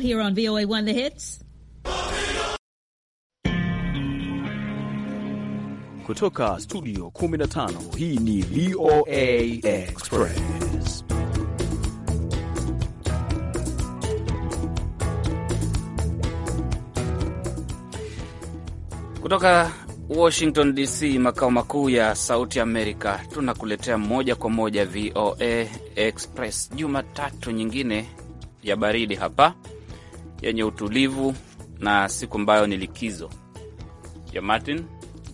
Here on VOA One The Hits. Kutoka studio 15 hii ni VOA Express. Kutoka Washington DC, makao makuu ya Sauti Amerika, tunakuletea moja kwa moja VOA Express. Jumatatu nyingine ya baridi hapa yenye utulivu na siku ambayo ni likizo ya Martin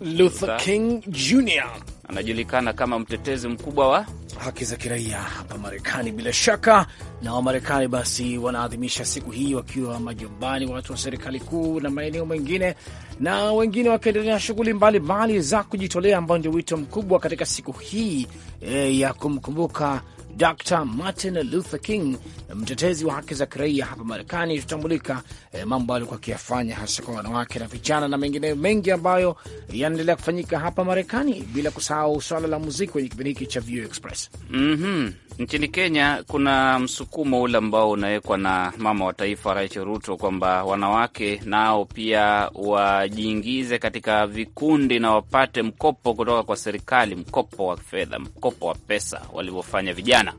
Luther King Jr. Anajulikana kama mtetezi mkubwa wa haki za kiraia hapa Marekani. Bila shaka na Wamarekani basi wanaadhimisha siku hii wakiwa majumbani, watu wa serikali kuu na maeneo mengine, na wengine wakiendelea shughuli mbalimbali za kujitolea, ambao ndio wito mkubwa katika siku hii e, ya kumkumbuka Dr Martin Luther King, mtetezi wa haki za kiraia hapa Marekani, tutambulika eh, mambo aliokuwa akiyafanya hasa kwa wanawake na vijana na mengineyo mengi ambayo yanaendelea kufanyika hapa Marekani, bila kusahau swala la muziki kwenye kipindi hiki cha View Express. mm -hmm. Nchini Kenya kuna msukumo ule ambao unawekwa na mama wa taifa Rachel Ruto kwamba wanawake nao pia wajiingize katika vikundi na wapate mkopo kutoka kwa serikali, mkopo wa fedha, mkopo wa pesa walivyofanya vijana.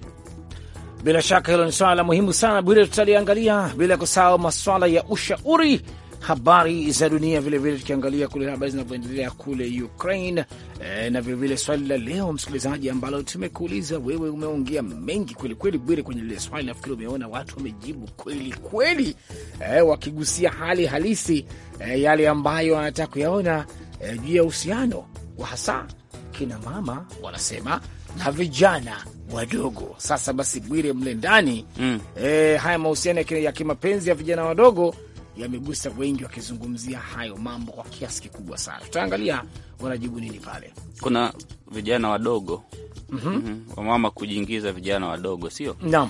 Bila shaka hilo ni swala la muhimu sana, Bwire, tutaliangalia bila kusahau maswala ya ushauri habari za dunia, vilevile tukiangalia kule habari zinavyoendelea kule Ukraine e, na vilevile swali la leo msikilizaji, ambalo tumekuuliza wewe. Umeongea mengi kwelikweli Bwire kwenye lile swali, nafikiri umeona watu wamejibu kwelikweli e, eh, wakigusia hali halisi e, yale ambayo wanataka kuyaona e, juu ya uhusiano wa hasa kina mama wanasema na vijana wadogo. Sasa basi Bwire mle ndani mm. E, haya mahusiano ya kimapenzi ya vijana wadogo yamegusa wengi wakizungumzia hayo mambo kwa kiasi kikubwa sana. Tutaangalia wanajibu nini pale. Kuna vijana wadogo mm -hmm. Mm -hmm. wamama kujiingiza vijana wadogo, sio naam.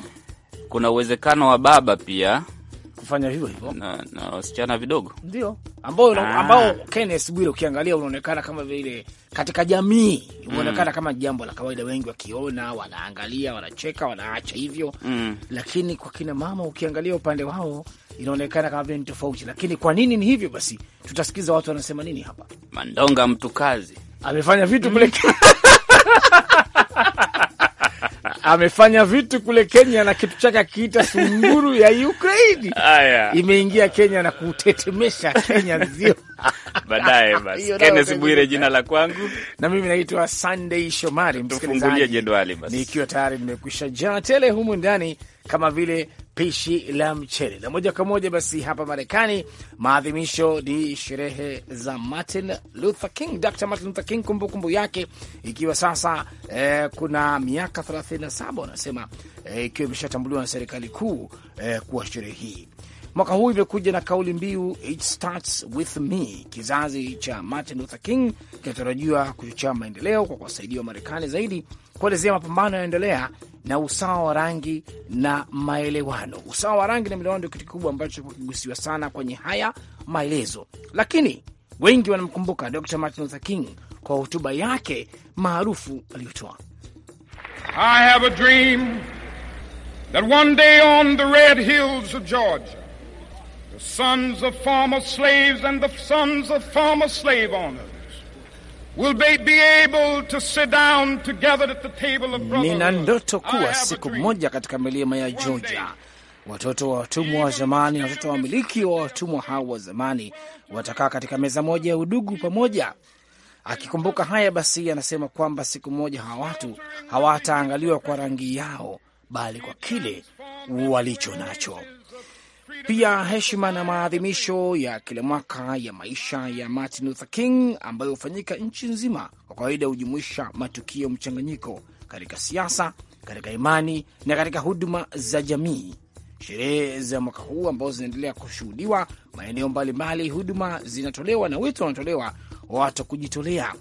Kuna uwezekano wa baba pia kufanya hivyo hivyo na, na wasichana vidogo ndio ambao, ah. ambao Kenneth Bwire ukiangalia unaonekana kama vile katika jamii unaonekana mm. kama jambo la kawaida, wengi wakiona wanaangalia, wanacheka, wanaacha hivyo mm. lakini kwa kina mama ukiangalia upande wao inaonekana kama vile ni tofauti. Lakini kwa nini ni hivyo? Basi tutasikiza watu wanasema nini hapa. Mandonga mtu kazi amefanya vitu mm. kule amefanya vitu kule Kenya na kitu chake akiita sunguru ya Ukraini imeingia Kenya na kutetemesha Kenya nzio. Baadaye basi, Kenneth Bwire jina la kwangu, na mimi naitwa Sunday Shomari. basi, nikiwa tayari nimekwisha jaa tele humu ndani kama vile pishi la mchele. Na moja kwa moja basi hapa Marekani, maadhimisho ni sherehe za Martin Luther King, Dr. Martin Luther King, kumbukumbu kumbu yake ikiwa sasa eh, kuna miaka 37 wanasema eh, ikiwa imeshatambuliwa na serikali kuu eh, kuwa sherehe hii Mwaka huu imekuja na kauli mbiu It starts with me. Kizazi cha Martin Luther King kinatarajiwa kuchochea maendeleo kwa kuwasaidia Wamarekani zaidi kuelezea mapambano yanayoendelea na usawa wa rangi na maelewano. Usawa wa rangi na maelewano ndio kitu kikubwa ambacho kigusiwa sana kwenye haya maelezo, lakini wengi wanamkumbuka Dr Martin Luther King kwa hotuba yake maarufu aliyotoa I have a dream that one day on the red hills of Georgia the sons of former slaves and the sons of former slave owners Nina ndoto kuwa siku moja katika milima ya Georgia watoto wa watumwa wa zamani na watoto wa wamiliki wa watumwa hao wa zamani watakaa katika meza moja ya udugu pamoja. Akikumbuka haya, basi anasema kwamba siku moja hawa watu hawataangaliwa kwa rangi yao, bali kwa kile walicho nacho. Pia heshima na maadhimisho ya kila mwaka ya maisha ya Martin Luther King ambayo hufanyika nchi nzima, kwa kawaida hujumuisha matukio mchanganyiko katika siasa, katika imani na katika huduma za jamii. Sherehe za mwaka huu ambazo zinaendelea kushuhudiwa maeneo mbalimbali, huduma zinatolewa na wito wanatolewa wa watu kujitolea.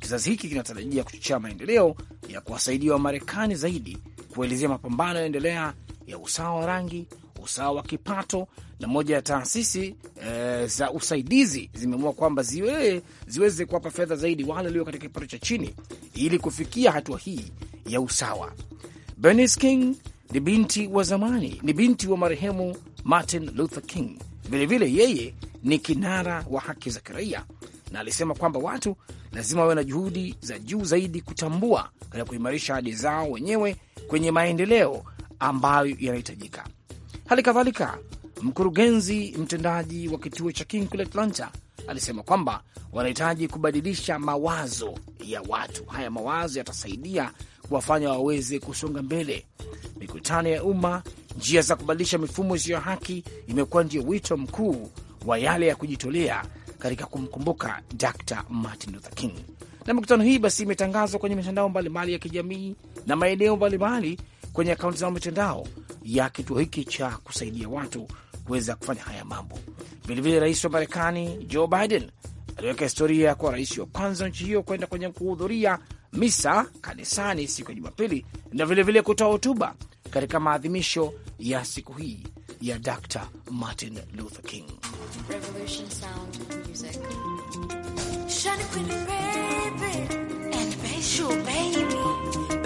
Kizazi hiki kinatarajia kuchochea maendeleo ya kuwasaidia Wamarekani zaidi kuelezea mapambano yanaendelea ya usawa wa rangi usawa wa kipato, na moja ya taasisi e, za usaidizi zimeamua kwamba ziwe, ziweze kuwapa fedha zaidi wale walio katika kipato cha chini ili kufikia hatua hii ya usawa. Bernice King ni binti wa zamani, ni binti wa marehemu Martin Luther King. Vilevile vile yeye ni kinara wa haki za kiraia, na alisema kwamba watu lazima wawe na juhudi za juu zaidi kutambua na kuimarisha hadi zao wenyewe kwenye maendeleo ambayo yanahitajika. Hali kadhalika mkurugenzi mtendaji wa kituo cha King kule Atlanta alisema kwamba wanahitaji kubadilisha mawazo ya watu. Haya mawazo yatasaidia kuwafanya waweze kusonga mbele. Mikutano ya umma, njia za kubadilisha mifumo isiyo haki, imekuwa ndio wito mkuu wa yale ya kujitolea katika kumkumbuka Dr Martin Luther King. Na mikutano hii basi imetangazwa kwenye mitandao mbalimbali ya kijamii na maeneo mbalimbali kwenye akaunti zao mitandao ya kituo hiki cha kusaidia watu kuweza kufanya haya mambo. Vilevile rais wa Marekani Joe Biden aliweka historia kwa rais wa kwanza nchi hiyo kwenda kwenye kuhudhuria misa kanisani siku ya Jumapili na vilevile kutoa hotuba katika maadhimisho ya siku hii ya Dr. Martin Luther King. Revolution,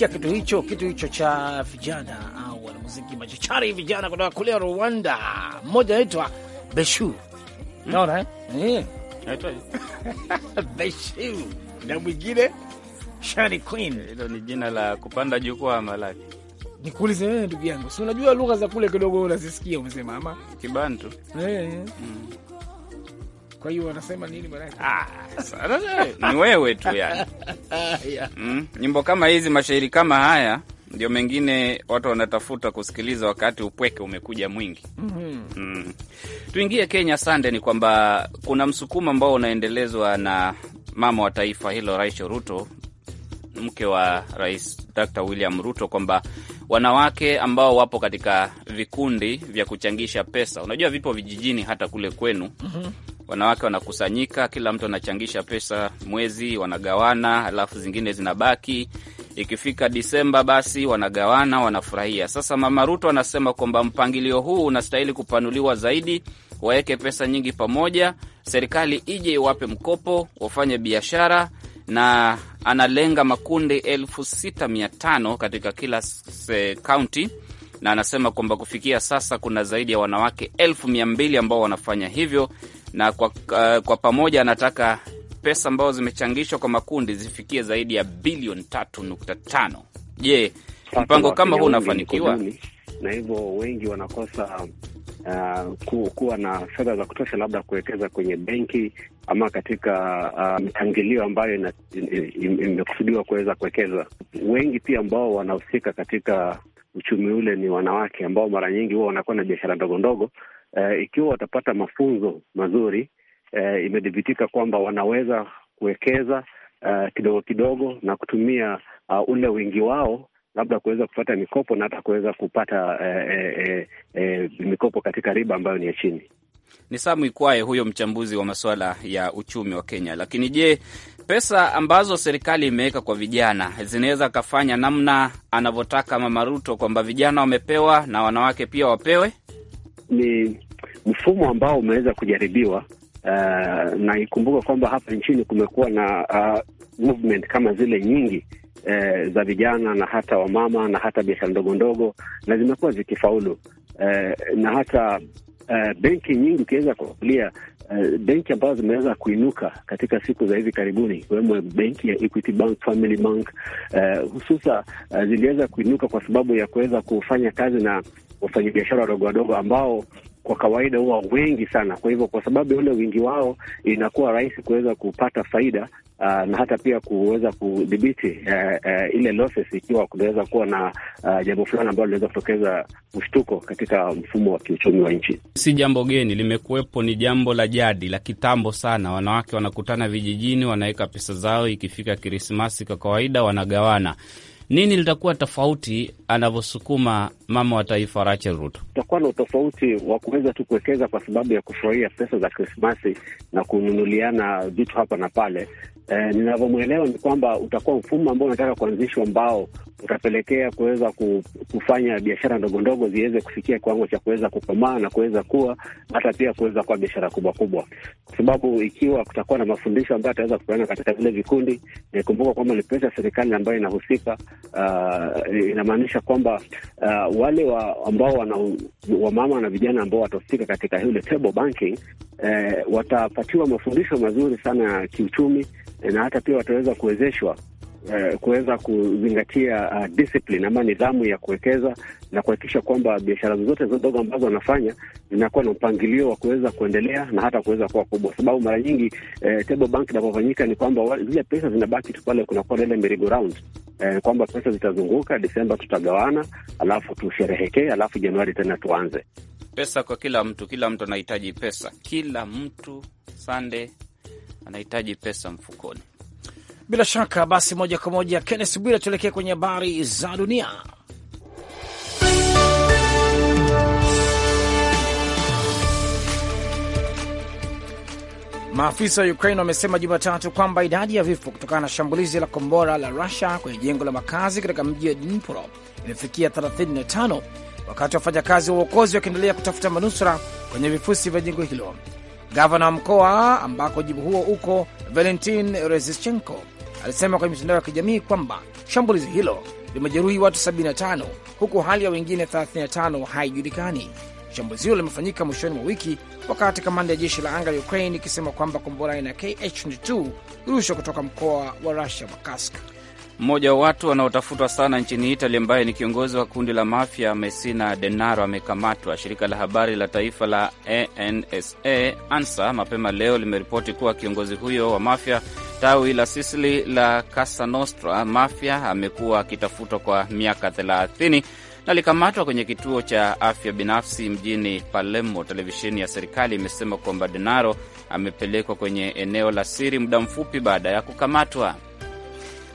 kusikia kitu hicho, kitu hicho cha vijana au wanamuziki machachari vijana kutoka kule Rwanda. Mmoja anaitwa Beshu, naona eh? eh. Beshu na mwingine Shani Queen. Hilo ni jina la kupanda jukwaa malaki. Nikuulize wewe ndugu yangu, si unajua lugha za kule kidogo unazisikia, umesema ama Kibantu eh? eh. mm. Kwa hiyo wanasema nini bwana? Ah, ni wewe tu yani. yeah. Mm, nyimbo kama hizi, mashairi kama haya ndio mengine watu wanatafuta kusikiliza wakati upweke umekuja mwingi. mm -hmm. Mm. Tuingie Kenya. Sande, ni kwamba kuna msukumo ambao unaendelezwa na mama wa taifa hilo Rais Ruto, mke wa rais Dr. William Ruto, kwamba wanawake ambao wapo katika vikundi vya kuchangisha pesa, unajua vipo vijijini hata kule kwenu. mm -hmm wanawake wanakusanyika, kila mtu anachangisha pesa mwezi, wanagawana, alafu zingine zinabaki. Ikifika Disemba basi wanagawana, wanafurahia. Sasa Mama Ruto anasema kwamba mpangilio huu unastahili kupanuliwa zaidi, waweke pesa nyingi pamoja, serikali ije iwape mkopo, wafanye biashara na analenga makundi elfu sita mia tano katika kila kaunti, na anasema kwamba kufikia sasa kuna zaidi ya wanawake elfu mia mbili ambao wanafanya hivyo, na kwa, uh, kwa pamoja anataka pesa ambazo zimechangishwa kwa makundi zifikie zaidi ya bilioni tatu nukta tano. Je, mpango kama huu unafanikiwa? Na hivyo wengi wanakosa uh, kuwa na fedha za kutosha, labda kuwekeza kwenye benki ama katika uh, mipangilio ambayo imekusudiwa kuweza kuwekeza. Wengi pia ambao wanahusika katika uchumi ule ni wanawake ambao mara nyingi huwa wanakuwa na biashara ndogo ndogo uh, ikiwa watapata mafunzo mazuri uh, imedhibitika kwamba wanaweza kuwekeza uh, kidogo kidogo na kutumia uh, ule wingi wao labda kuweza kupata mikopo na hata kuweza kupata eh, eh, eh, mikopo katika riba ambayo ni ya chini. Ni Samu Ikwaye huyo mchambuzi wa masuala ya uchumi wa Kenya. Lakini je, pesa ambazo serikali imeweka kwa vijana zinaweza kafanya namna anavyotaka Mama Ruto kwamba vijana wamepewa na wanawake pia wapewe? ni mfumo ambao umeweza kujaribiwa. Uh, na ikumbuka kwamba hapa nchini kumekuwa na uh, movement kama zile nyingi uh, za vijana na hata wamama na hata biashara ndogo ndogo na zimekuwa zikifaulu uh, na hata uh, benki nyingi ukiweza kuangalia uh, benki ambazo zimeweza kuinuka katika siku za hivi karibuni ikiwemo benki ya Equity Bank, Family Bank uh, hususa uh, ziliweza kuinuka kwa sababu ya kuweza kufanya kazi na wafanyabiashara wadogo wadogo ambao kwa kawaida huwa wengi sana. Kwa hivyo, kwa sababu ya ule wingi wao, inakuwa rahisi kuweza kupata faida uh, na hata pia kuweza kudhibiti uh, uh, ile losses ikiwa kunaweza kuwa na uh, jambo fulani ambalo linaweza kutokeza mshtuko katika mfumo wa kiuchumi wa nchi. Si jambo geni, limekuwepo, ni jambo la jadi la kitambo sana. Wanawake wanakutana vijijini, wanaweka pesa zao, ikifika Krismasi kwa kawaida wanagawana nini litakuwa tofauti anavyosukuma mama wa taifa Rachel Ruto? utakuwa na utofauti wa kuweza tu kuwekeza kwa sababu ya kufurahia pesa za Krismasi na kununuliana vitu hapa na pale, eh, ninavyomwelewa ni kwamba utakuwa mfumo ambao unataka kuanzishwa ambao utapelekea kuweza kufanya biashara ndogo ndogo ziweze kufikia kiwango cha kuweza kukomaa na kuweza kuwa hata pia kuweza kuwa biashara kubwa kubwa, kwa sababu ikiwa kutakuwa na mafundisho ambayo ataweza kupeana katika vile vikundi. Nikumbuka kwamba ni pesa serikali ambayo inahusika. Uh, inamaanisha kwamba uh, wale wa ambao wana wamama na vijana ambao watahusika katika hile table banking eh, watapatiwa mafundisho mazuri sana ya kiuchumi Eh, na hata pia wataweza kuwezeshwa Uh, kuweza kuzingatia uh, discipline ama nidhamu ya kuwekeza na kuhakikisha kwamba biashara zozote ndogo ambazo wanafanya zinakuwa na mpangilio wa kuweza kuendelea na hata kuweza kuwa kubwa, sababu mara nyingi uh, table bank inapofanyika ni kwamba zile pesa zinabaki tu pale, kunakuwa na ile merry go round kwamba pesa zitazunguka, Desemba tutagawana, alafu tusherehekee, alafu Januari tena tuanze. Pesa kwa kila mtu, kila mtu anahitaji pesa, kila mtu sande anahitaji pesa mfukoni. Bila shaka basi, moja kwa moja Kennes Bwira, tuelekee kwenye habari za dunia. Maafisa wa Ukraine wamesema Jumatatu kwamba idadi ya vifo kutokana na shambulizi la kombora la Rusia kwenye jengo la makazi katika mji wa Dnipro imefikia 35 wakati wafanyakazi wa uokozi wakiendelea kutafuta manusura kwenye vifusi vya jengo hilo Gavana wa mkoa ambako jibu huo uko, Valentin Rezischenko, alisema kwenye mitandao ya kijamii kwamba shambulizi hilo limejeruhi watu 75 huku hali ya wengine 35 haijulikani. Shambulizi hilo limefanyika mwishoni mwa wiki wakati kamanda ya jeshi la anga ya Ukraine ikisema kwamba kombora aina KH-22 rushwa kutoka mkoa wa Rusia wa Kursk. Mmoja wa watu wanaotafutwa sana nchini Itali ambaye ni kiongozi wa kundi la mafia Messina Denaro amekamatwa. Shirika la habari la taifa la ANSA ANSA mapema leo limeripoti kuwa kiongozi huyo wa mafia tawi la Sisili la Casa Nostra mafia amekuwa akitafutwa kwa miaka 30 na likamatwa kwenye kituo cha afya binafsi mjini Palermo. Televisheni ya serikali imesema kwamba Denaro amepelekwa kwenye eneo la siri muda mfupi baada ya kukamatwa.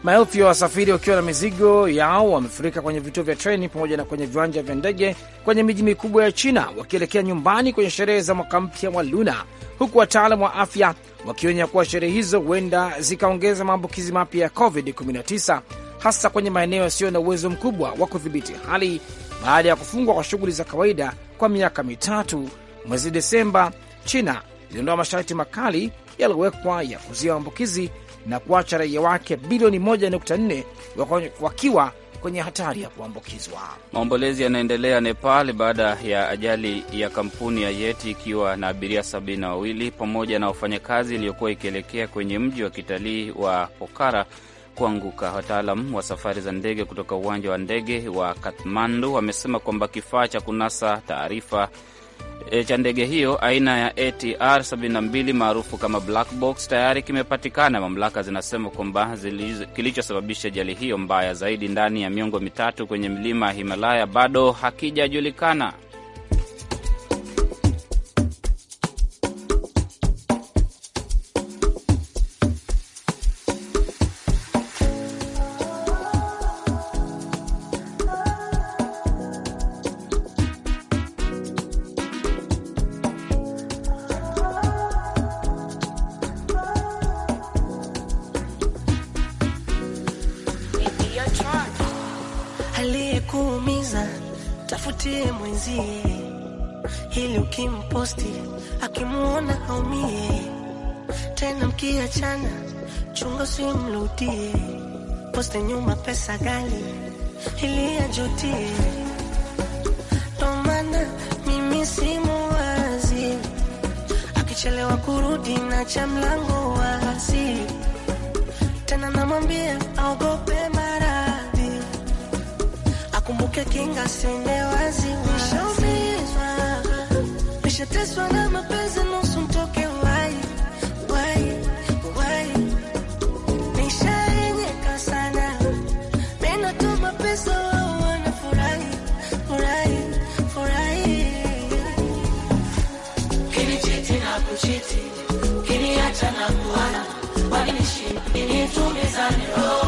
Maelfu ya wasafiri wakiwa na mizigo yao wamefurika kwenye vituo vya treni pamoja na kwenye viwanja vya ndege kwenye miji mikubwa ya China wakielekea nyumbani kwenye sherehe za mwaka mpya wa Luna, huku wataalam wa afya wakionya kuwa sherehe hizo huenda zikaongeza maambukizi mapya ya COVID-19 hasa kwenye maeneo yasiyo na uwezo mkubwa wa kudhibiti hali baada ya kufungwa kwa shughuli za kawaida kwa miaka mitatu. Mwezi Desemba, China iliondoa masharti makali yaliyowekwa ya kuzuia maambukizi na kuacha raia wake bilioni 1.4 wakiwa kwenye hatari ya kuambukizwa. Maombolezi yanaendelea Nepal baada ya ajali ya kampuni ya Yeti ikiwa na abiria sabini na wawili pamoja na wafanyakazi iliyokuwa ikielekea kwenye mji wa kitalii wa Pokhara kuanguka. Wataalam wa safari za ndege kutoka uwanja wa ndege wa Kathmandu wamesema kwamba kifaa cha kunasa taarifa e, cha ndege hiyo aina ya ATR 72 maarufu kama black box tayari kimepatikana. Mamlaka zinasema kwamba kilichosababisha ajali hiyo mbaya zaidi ndani ya miongo mitatu kwenye milima ya Himalaya bado hakijajulikana. sagali iliyajutia tomana mimi wazi akichelewa kurudi na cha mlango wazi tena, namwambia aogope maradhi, akumbuke kinga sende wazi. Nishaumizwa, nishateswa na mapenzi nusu mtoke jirani, oh,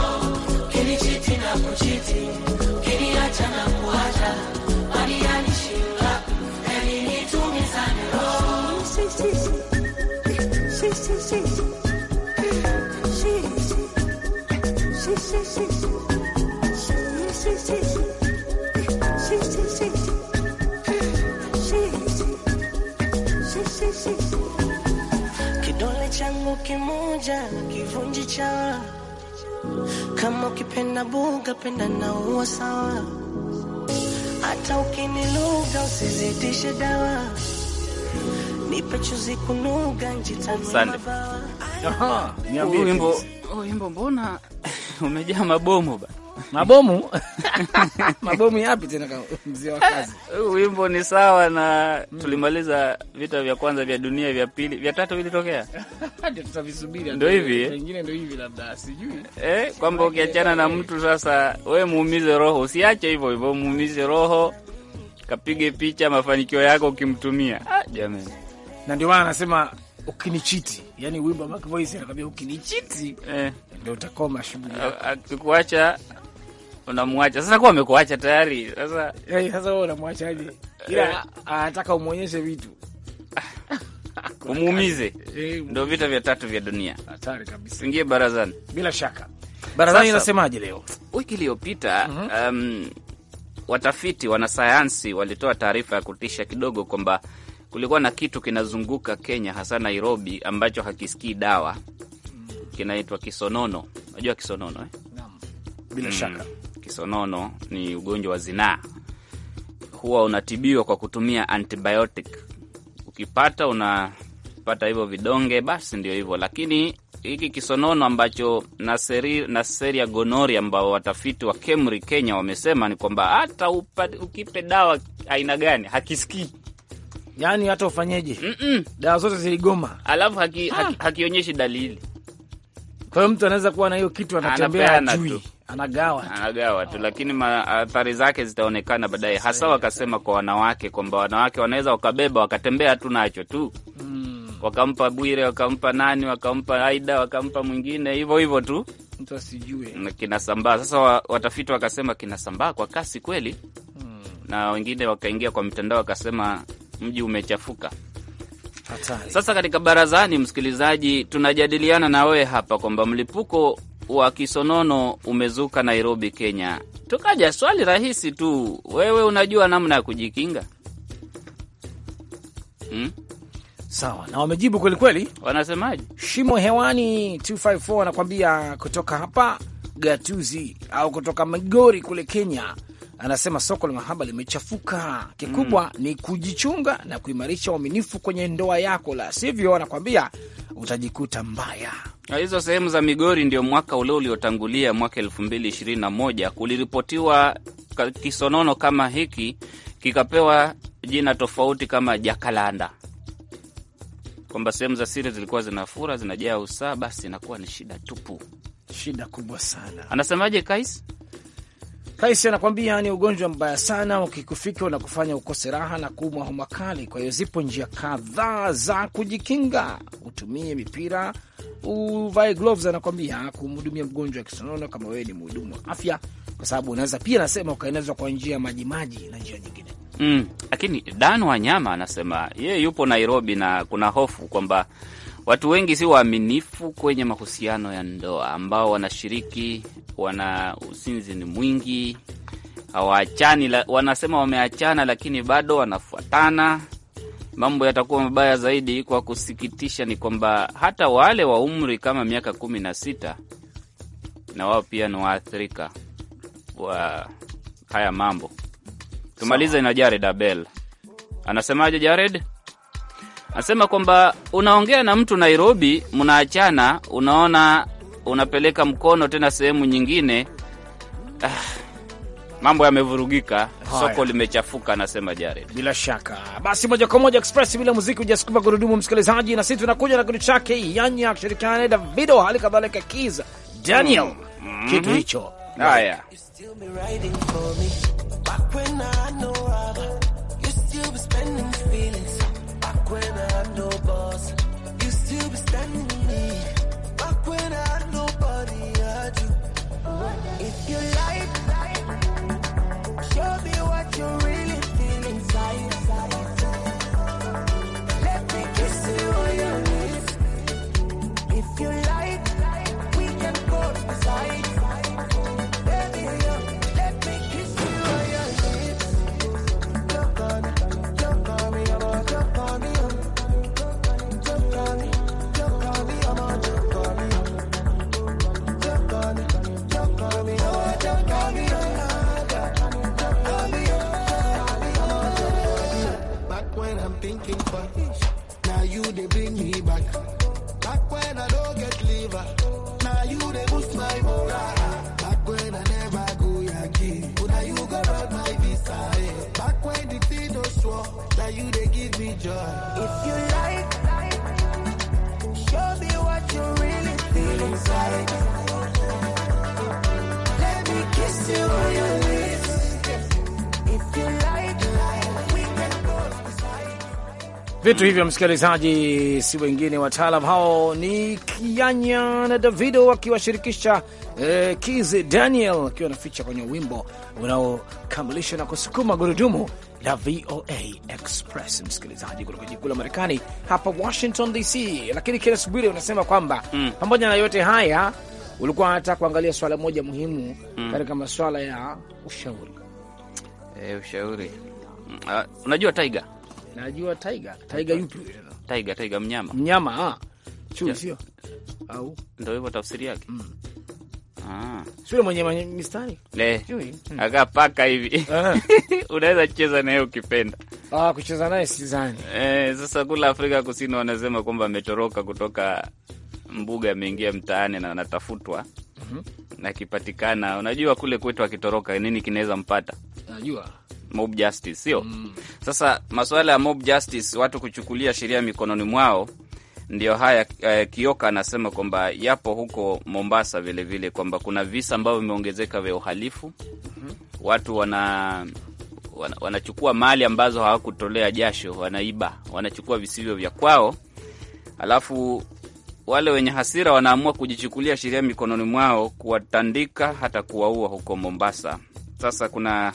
Kidole changu kimoja kivunji chawa kama ukipenda buga penda na uwa sawa, hata ukiniluga usizidishe dawa, nipe chuzi kunuga njitanimaba. Wimbo mbona umejaa mabomu ba mabomu mabomu yapi tena kama mzee wa kazi? Huu wimbo ni sawa na tulimaliza vita vya kwanza vya dunia vya pili vya tatu vilitokea, ndio tutavisubiri, ndio hivi eh? pengine, ndio hivi labda, sijui eh, kwamba ukiachana na mtu sasa, we muumize roho, usiache hivyo hivyo, muumize roho, kapige picha mafanikio yako ukimtumia. Ah, jamani, na ndio maana anasema ukinichiti, yani wimbo wa Mac Voice anakwambia ukinichiti, eh, ndio utakoma shughuli yako, akikuacha unamwacha sasa, kuwa amekuacha tayari sasa. Eh, sasa wewe unamwachaje? Ila eh. anataka umwonyeshe vitu umuumize, eh, ndo vita vya tatu vya dunia. Hatari kabisa. Ingie barazani, bila shaka. Barazani inasemaje leo? Wiki iliyopita mm -hmm. um, watafiti wanasayansi walitoa taarifa ya kutisha kidogo kwamba kulikuwa na kitu kinazunguka Kenya, hasa Nairobi, ambacho hakisikii dawa, mm. kinaitwa kisonono. Unajua kisonono eh? Bila mm. shaka kisonono ni ugonjwa wa zinaa, huwa unatibiwa kwa kutumia antibiotic. Ukipata unapata hivyo vidonge, basi ndio hivyo. Lakini hiki kisonono ambacho naseri, naseria gonori ambao watafiti wa KEMRI Kenya wamesema ni kwamba hata ukipe dawa aina gani hakisikii Yani hata ufanyeje, mm -mm. dawa zote ziligoma, alafu ah. hakionyeshi haki, haki, haki dalili. Kwa hiyo mtu anaweza kuwa na hiyo kitu anatembea ajui anagawa tu, anagawa tu, lakini athari zake zitaonekana baadaye, hasa wakasema kwa wanawake kwamba wanawake wanaweza wakabeba wakatembea tu nacho tu mm. wakampa Bwire wakampa nani wakampa Aida wakampa mwingine hivyo hivyo tu mtu asijue kinasambaa. Sasa watafiti wakasema kinasambaa kwa kasi kweli mm. na wengine wakaingia kwa mitandao wakasema mji umechafuka. Hatari. Sasa katika barazani, msikilizaji, tunajadiliana na wewe hapa kwamba mlipuko wa kisonono umezuka Nairobi, Kenya. Tukaja swali rahisi tu, wewe unajua namna ya kujikinga hmm? Sawa na wamejibu kwelikweli, wanasemaje? Shimo hewani 254 anakuambia kutoka hapa Gatuzi au kutoka Migori kule Kenya, anasema soko la mahaba limechafuka. Kikubwa mm, ni kujichunga na kuimarisha uaminifu kwenye ndoa yako, la sivyo, anakwambia utajikuta mbaya hizo sehemu za Migori ndio mwaka ule uliotangulia mwaka elfu mbili ishirini na moja kuliripotiwa kisonono kama hiki, kikapewa jina tofauti kama Jakalanda, kwamba sehemu za siri zilikuwa zinafura zinajaa usaa, basi inakuwa ni shida tupu, shida kubwa sana. Anasemaje Kais? Kaisi anakwambia ni ugonjwa mbaya sana, ukikufika unakufanya ukose raha na kuumwa homa kali. Kwa hiyo zipo njia kadhaa za kujikinga, utumie mipira, uvae gloves, anakwambia kumhudumia mgonjwa wa kisonono kama wewe ni mhudumu wa afya, kwa sababu unaweza pia, anasema ukaenezwa kwa njia ya majimaji na njia nyingine. Mm, lakini Dan Wanyama anasema yeye yupo Nairobi na kuna hofu kwamba Watu wengi si waaminifu kwenye mahusiano ya ndoa, ambao wanashiriki, wana usinzi ni mwingi, hawaachani. Wanasema wameachana, lakini bado wanafuatana. Mambo yatakuwa mabaya zaidi. Kwa kusikitisha, ni kwamba hata wale wa umri kama miaka kumi na sita na wao pia ni waathirika wa haya mambo. Tumalize na Jared Abel, anasemaje Jared? Anasema kwamba unaongea na mtu Nairobi, mnaachana, unaona unapeleka mkono tena sehemu nyingine. Ah, mambo yamevurugika, soko limechafuka, anasema Jared. Bila shaka basi, moja kwa moja Express bila muziki hujasukuma gurudumu, msikilizaji, na sisi tunakuja na kitu chake Yanya akishirikiana na Davido, hali kadhalika Kiza Daniel mm -hmm. kitu mm-hmm. hicho haya If you bring me back. Back when I don't get liver, now you they boost my morale. Back when I never go Yankee, but now you go run my visa. Eh. Back when the thing don't swore, now you they give me joy. If you vitu hivyo, msikilizaji, si wengine wataalam hao ni Kianya na Davido wakiwashirikisha eh, Kiz Daniel akiwa naficha kwenye wimbo unaokamilisha na kusukuma gurudumu la VOA Express, msikilizaji, kutoka jiji kuu la Marekani hapa Washington DC. Lakini Kennes Bwire unasema kwamba mm, pamoja na yote haya ulikuwa hata kuangalia swala moja muhimu mm, katika masuala ya ushauri e, ushauri. Uh, unajua Tiger najua tiger tiger yupi tiger tiger mnyama, mnyama ah chui, sio au ndio hivyo tafsiri yake mm. Ah. Sio mwenye mistari Eh. Hmm. Aga paka hivi unaweza cheza naye ukipenda. Ah, kucheza naye sidhani. Eh, sasa kule Afrika Kusini wanasema kwamba ametoroka kutoka mbuga, ameingia mtaani na anatafutwa Mhm. mm na kipatikana. unajua kule kwetu akitoroka nini kinaweza mpata? Najua mob justice, sio? Mm. Sasa masuala ya mob justice, watu kuchukulia sheria mikononi mwao ndio haya. eh, Kioka anasema kwamba yapo huko Mombasa vilevile, kwamba kuna visa ambavyo vimeongezeka vya uhalifu mm -hmm. Watu wana wanachukua wana mali ambazo hawakutolea jasho, wanaiba, wanachukua visivyo vya kwao, alafu wale wenye hasira wanaamua kujichukulia sheria mikononi mwao, kuwatandika hata kuwaua huko Mombasa. Sasa kuna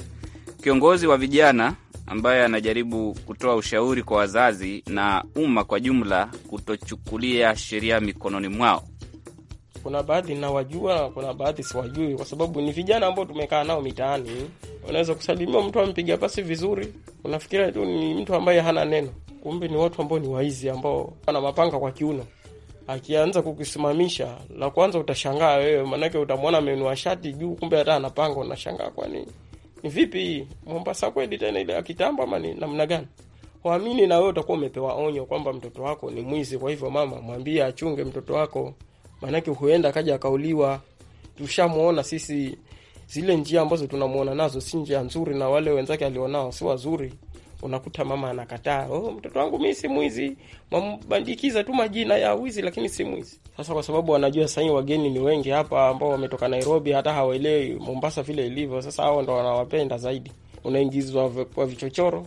kiongozi wa vijana ambaye anajaribu kutoa ushauri kwa wazazi na umma kwa jumla kutochukulia sheria mikononi mwao. Kuna baadhi nawajua, kuna baadhi siwajui, kwa sababu ni vijana ambao tumekaa nao mitaani. Unaweza kusalimia mtu ampiga pasi vizuri, unafikiria tu ni mtu ambaye hana neno, kumbe ni watu ambao ni waizi, ambao wana mapanga kwa kiuno. Akianza kukisimamisha la kwanza utashangaa wewe, maanake utamwona amenua shati juu, kumbe hata anapanga. Unashangaa kwa nini? ni vipi Mombasa kweli tena ile ya kitambo ama ni namna gani? Waamini na wewe utakuwa umepewa onyo kwamba mtoto wako ni mwizi, kwa hivyo mama, mwambie achunge mtoto wako, maanake huenda kaja akauliwa. Tushamwona sisi, zile njia ambazo tunamuona nazo si njia nzuri, na wale wenzake alionao si wazuri unakuta mama anakataa, oh, mtoto wangu mi si mwizi, mabandikiza tu majina ya wizi, lakini si mwizi. Sasa kwa sababu wanajua sahii wageni ni wengi hapa ambao wametoka Nairobi, hata hawaelewi Mombasa vile ilivyo. Sasa hao ndo wanawapenda zaidi, unaingizwa kwa vichochoro,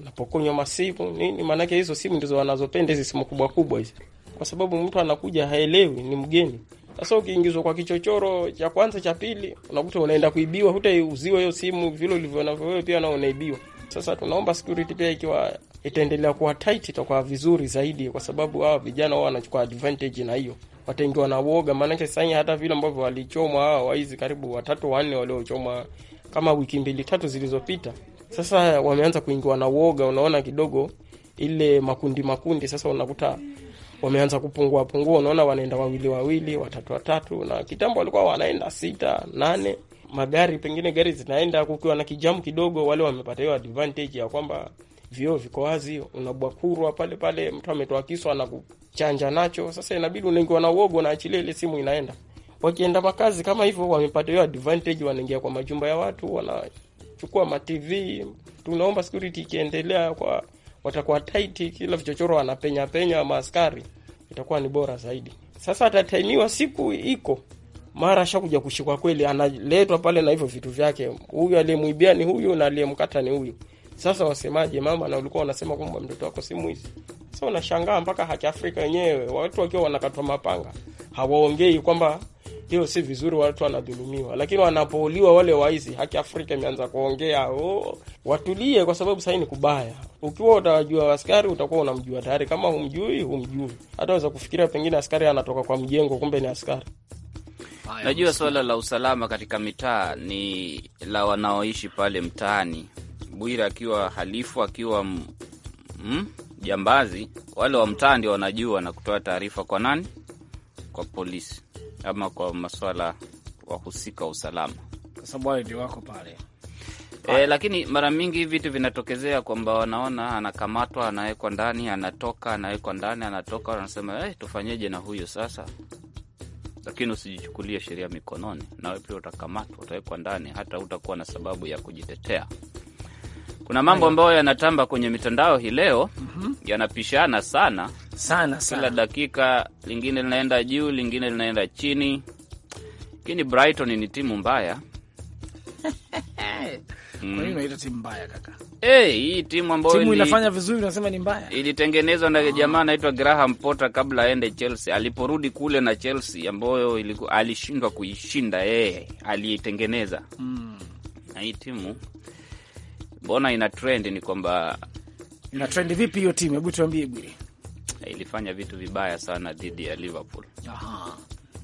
unapokunywa masimu nini, maanake hizo simu ndizo wanazopenda hizi simu kubwa kubwa hizi, kwa sababu mtu anakuja haelewi, ni mgeni sasa ukiingizwa kwa kichochoro cha kwanza cha pili, unakuta unaenda kuibiwa, hutauziwa hiyo simu vile ulivyo navyo wewe, pia nao unaibiwa. Sasa tunaomba security pia ikiwa itaendelea kuwa tight itakuwa vizuri zaidi, kwa sababu hawa vijana wao wanachukua advantage na hiyo watengi na woga. Maanake sasa hata vile ambavyo walichomwa hawa waizi karibu watatu wanne waliochomwa kama wiki mbili tatu zilizopita, sasa wameanza kuingiwa na woga. Unaona kidogo ile makundi makundi, sasa unakuta wameanza kupungua pungua, unaona wanaenda wawili wawili, watatu watatu, na kitambo walikuwa wanaenda sita nane magari pengine gari zinaenda, kukiwa na kijamu kidogo, wale wamepata hiyo advantage ya kwamba vioo viko wazi, unabwakurwa pale pale, mtu ametoa kisu anakuchanja nacho. Sasa inabidi unaingiwa na uogo na achilia ile simu inaenda. Wakienda makazi kama hivyo, wamepata hiyo advantage, wanaingia kwa majumba ya watu, wanachukua ma TV. Tunaomba security ikiendelea kwa watakuwa tight, kila vichochoro wanapenya penya, maaskari itakuwa ni bora zaidi. Sasa atatainiwa siku iko mara ashakuja kushikwa kweli, analetwa pale na hivyo vitu vyake. Huyu aliyemwibia ni huyu na aliyemkata ni huyu. Sasa wasemaje mama? Na ulikuwa wanasema kwamba mtoto wako si mwizi. Sasa unashangaa mpaka haki Afrika wenyewe watu wakiwa wanakatwa mapanga hawaongei kwamba hiyo si vizuri, watu wanadhulumiwa, lakini wanapouliwa wale waizi, haki Afrika imeanza kuongea. Oh, watulie, kwa sababu sahii ni kubaya. Ukiwa utawajua askari utakuwa unamjua tayari, kama humjui humjui, hataweza kufikiria pengine askari anatoka kwa mjengo, kumbe ni askari. Najua swala la usalama katika mitaa ni la wanaoishi pale mtaani. Bwira akiwa halifu akiwa m, jambazi, wale wa mtaa ndio wanajua na kutoa taarifa kwa nani? Kwa polisi ama kwa maswala wahusika wa usalama, kwa sababu wale ndio wako pale. E, lakini mara mingi vitu vinatokezea kwamba wanaona anakamatwa, anawekwa ndani, anatoka, anawekwa ndani, anatoka, wanasema hey, eh, tufanyeje na huyo sasa? lakini usijichukulie sheria mikononi, nawe pia utakamatwa, utawekwa ndani, hata utakuwa na sababu ya kujitetea. Kuna mambo ambayo yanatamba kwenye mitandao hii leo mm -hmm. yanapishana sana sana kila dakika lingine linaenda juu, lingine linaenda chini, lakini Brighton ni timu mbaya Mm. Kwa nini unaita timu mbaya kaka? Eh, hey, hii timu ambayo timu inafanya vizuri unasema ni mbaya. Ilitengenezwa na ah, jamaa anaitwa Graham Potter kabla aende Chelsea. Aliporudi kule na Chelsea ambayo ilikuwa alishindwa kuishinda yeye, hey, aliitengeneza. Mm. Na hii timu mbona ina trend ni kwamba ina trend vipi hiyo timu? Hebu tuambie Bwiri. Ilifanya vitu vibaya sana dhidi ya Liverpool. Aha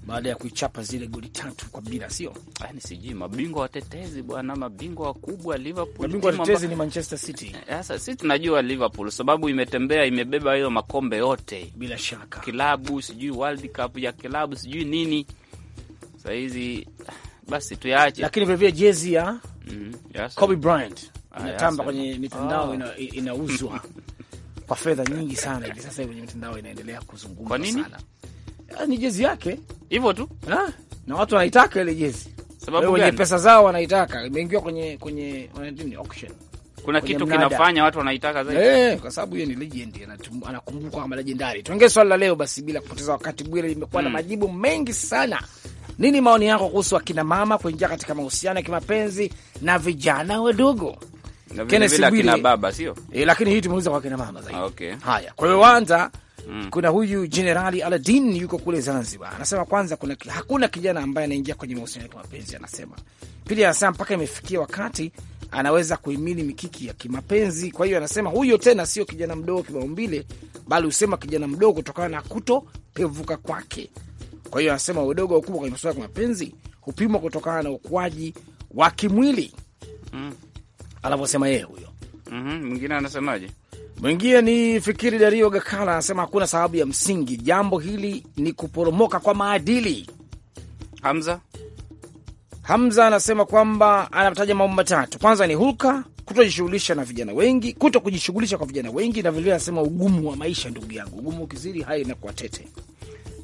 baada ya kuichapa zile goli tatu kwa bila, sio yani, ah, sijui mabingwa watetezi bwana, mabingwa wakubwa Liverpool. Mabingwa watetezi ni Manchester City. Eh, sasa si tunajua Liverpool sababu imetembea imebeba hiyo makombe yote bila shaka, kilabu sijui World Cup ya kilabu sijui nini, saa hizi basi tuyaache, lakini vilevile jezi ya mm, yes, Kobe Bryant ah, inatamba kwenye mitandao oh, inauzwa ina kwa fedha nyingi sana hivi sasa, kwenye mitandao inaendelea kuzungumza sana ni jezi yake hivyo tu na, na watu wanaitaka ile jezi sababu wenye pesa zao wanaitaka, imeingiwa kwenye kwenye auction. Kuna kitu mnada kinafanya watu wanaitaka zaidi eh, kwa sababu yeye ni legend, anakumbukwa kama legendary. Tuongee swali la leo basi, bila kupoteza wakati. Bwire, imekuwa na hmm, majibu mengi sana. Nini maoni yako kuhusu akina mama kuingia katika mahusiano ya kimapenzi na vijana wadogo? Kenneth Bwire, baba sio eh, lakini hii tumeuliza kwa akina mama zaidi. Okay, haya, kwa hiyo wanza mm. Kuna huyu Jenerali Aladin yuko kule Zanzibar, anasema kwanza kuna, hakuna kijana ambaye anaingia kwenye mahusiano ya mapenzi anasema. Pili anasema mpaka imefikia wakati anaweza kuhimili mikiki ya kimapenzi. Kwa hiyo anasema huyo tena sio kijana mdogo kimaumbile, bali husema kijana mdogo kutokana na kutopevuka kwake. Kwa hiyo anasema udogo wa ukubwa kwenye masuala ya mapenzi hupimwa kutokana na ukuaji wa kimwili mm. anavyosema yeye huyo. Mm-hmm. Mwingine mm -hmm. anasemaje? Mwingie ni Fikiri Dario Gakala anasema hakuna sababu ya msingi, jambo hili ni kuporomoka kwa maadili. Hamza Hamza anasema kwamba anataja mambo matatu, kwanza ni hulka, kutojishughulisha na vijana wengi, kuto kujishughulisha kwa vijana wengi, na vilevile anasema ugumu wa maisha. Ndugu yangu, ugumu ukizidi hali inakuwa tete.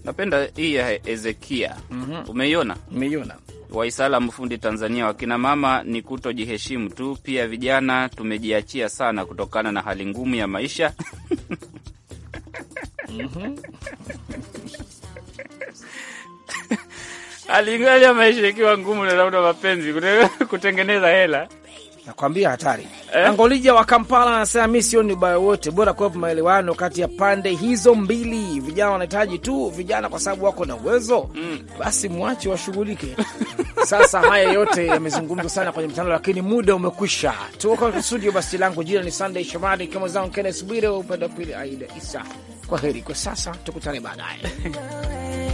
Napenda hii ya Ezekia. mm -hmm. Umeiona? Umeiona. Waisala Mfundi, Tanzania: wakina mama ni kutojiheshimu tu, pia vijana tumejiachia sana kutokana na hali ngumu ya maisha. mm ya maisha ikiwa ngumu, na labda mapenzi kutengeneza hela, nakwambia hatari eh? Angolija wa Kampala anasema mi sioni ubaya wote, bora kuwepo maelewano kati ya pande hizo mbili. Vijana wanahitaji tu vijana, kwa sababu wako na uwezo mm. Basi mwache washughulike. Sasa haya yote yamezungumzwa sana kwenye mtandao, lakini muda umekwisha. Tuko studio, basi langu jina ni Sunday Shomari, kama zangu Kenneth Bwire, upande wa pili Aida Isa. Kwa heri kwa sasa, tukutane baadaye.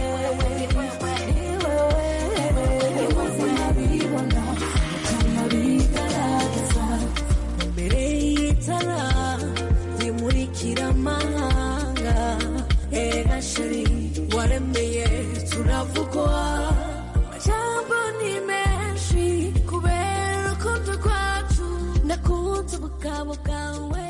tutemeye turavugwa majambo ni menshi kubera urukundo rwacu nakunze ubugabo bwawe